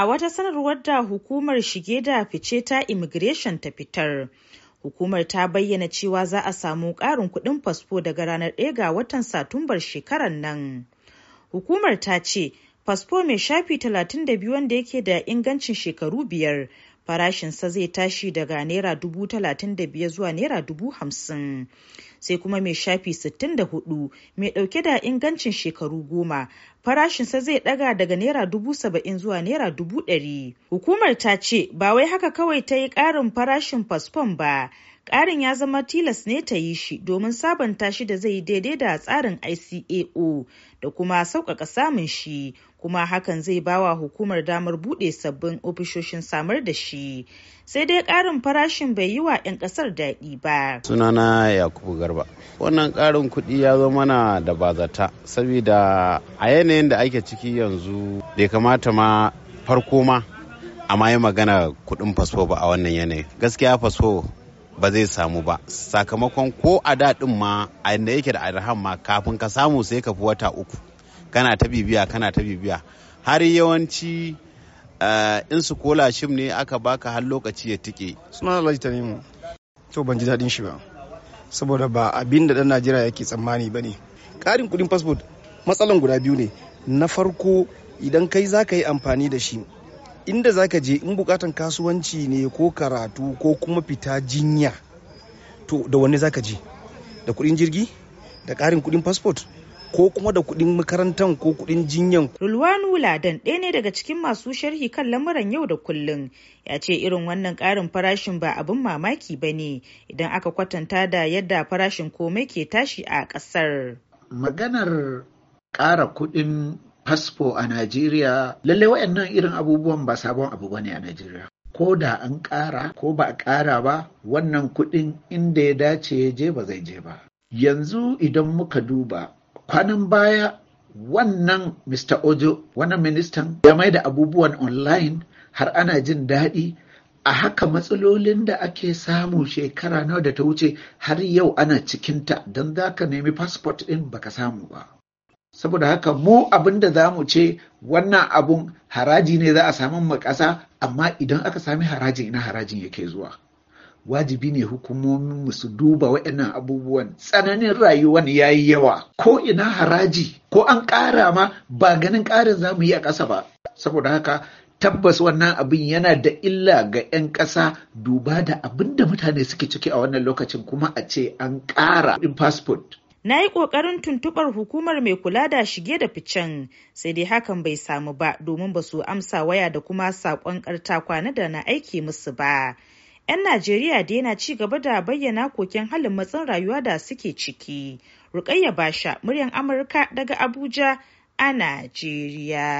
A wata sanarwar da hukumar shige da fice ta immigration ta fitar, hukumar ta bayyana cewa za a samu ƙarin kuɗin fasfo daga ranar 1 ga watan Satumbar shekarar nan. Hukumar ta ce, fasfo mai shafi 32 wanda yake da ingancin shekaru biyar farashinsa zai tashi daga naira dubu talatin da biyar zuwa naira dubu hamsin sai kuma mai shafi sittin da hudu, mai dauke da ingancin shekaru goma farashinsa zai daga daga naira dubu saba'in zuwa naira dubu ɗari hukumar ta ce ba wai haka kawai ta yi ƙarin farashin fasfon ba Ƙarin ya zama tilas ne ta yi shi domin sabanta shi da zai daidai da tsarin ICAO da kuma sauƙaƙa samun shi, kuma hakan zai bawa hukumar damar buɗe sabbin ofishoshin samar da shi. Sai dai ƙarin farashin bai yi wa 'yan ƙasar daɗi ba. Sunana Yakubu Garba. Wannan ƙarin kuɗi ya zo mana da bazata, saboda a yanayin da ake ciki yanzu bai kamata ma farko ma a yi magana kuɗin fasfo ba a wannan yanayin. Gaskiya fasfo ba zai samu ba sakamakon ko a daɗin ma a inda yake da arham ma kafin ka samu sai ka fi wata uku kana ta bibiya kana ta bibiya har yawanci eh, in su kola shim ne aka baka har lokaci ya tike suna lajita tanimu to ban ji daɗin shi ba saboda ba abin da ɗan najeriya yake tsammani ba ne ƙarin kuɗin fasfot matsalan guda biyu ne na farko idan kai za ka yi amfani da shi inda zaka je in bukatan kasuwanci ne ko karatu ko kuma fita jinya to da wanne zaka je da kudin jirgi da karin kudin fasfot ko kuma da kudin makarantar ko kudin jinyan. Rulwan Ladan ɗaya ne daga cikin masu sharhi kan lamuran yau da kullun ya ce irin wannan ƙarin farashin ba abin mamaki ba ne idan aka kwatanta da yadda farashin komai ke tashi a ƙasar. Maganar ƙara kudin fasfo a Najeriya lalle wayannan irin abubuwan ba sabon abu ne a Najeriya ko da an ƙara ko ba a ƙara ba wannan kuɗin inda ya dace ya je ba zai je ba yanzu idan muka duba kwanan baya wannan Mr. Ojo wannan ministan ya mai da abubuwan online har ana jin daɗi a haka matsalolin da ake samu shekara nawa da ta wuce har yau ana cikinta don za ka nemi fasfot ɗin baka samu ba. saboda haka mu abin da za mu ce wannan abun haraji ne za a samu ma ƙasa amma idan aka sami harajin ina harajin yake zuwa wajibi ne hukumomin su duba waɗannan abubuwan tsananin rayuwan ya yi yawa ko ina haraji ko an ƙara ma ba ganin ƙarin za mu yi a ƙasa ba saboda haka tabbas wannan abin yana da illa ga 'yan ƙasa duba da abin da mutane suke ciki a wannan lokacin kuma a ce an ƙara in fasfot na yi ƙoƙarin tuntuɓar hukumar mai kula da shige da ficen sai dai hakan bai samu ba domin ba su amsa waya da kuma saƙon ƙarta kwana da na aiki musu ba. 'Yan Najeriya da yana ci gaba da bayyana koken halin matsin rayuwa da suke ciki. Rukayya Basha, muryar Amurka daga Abuja a Najeriya.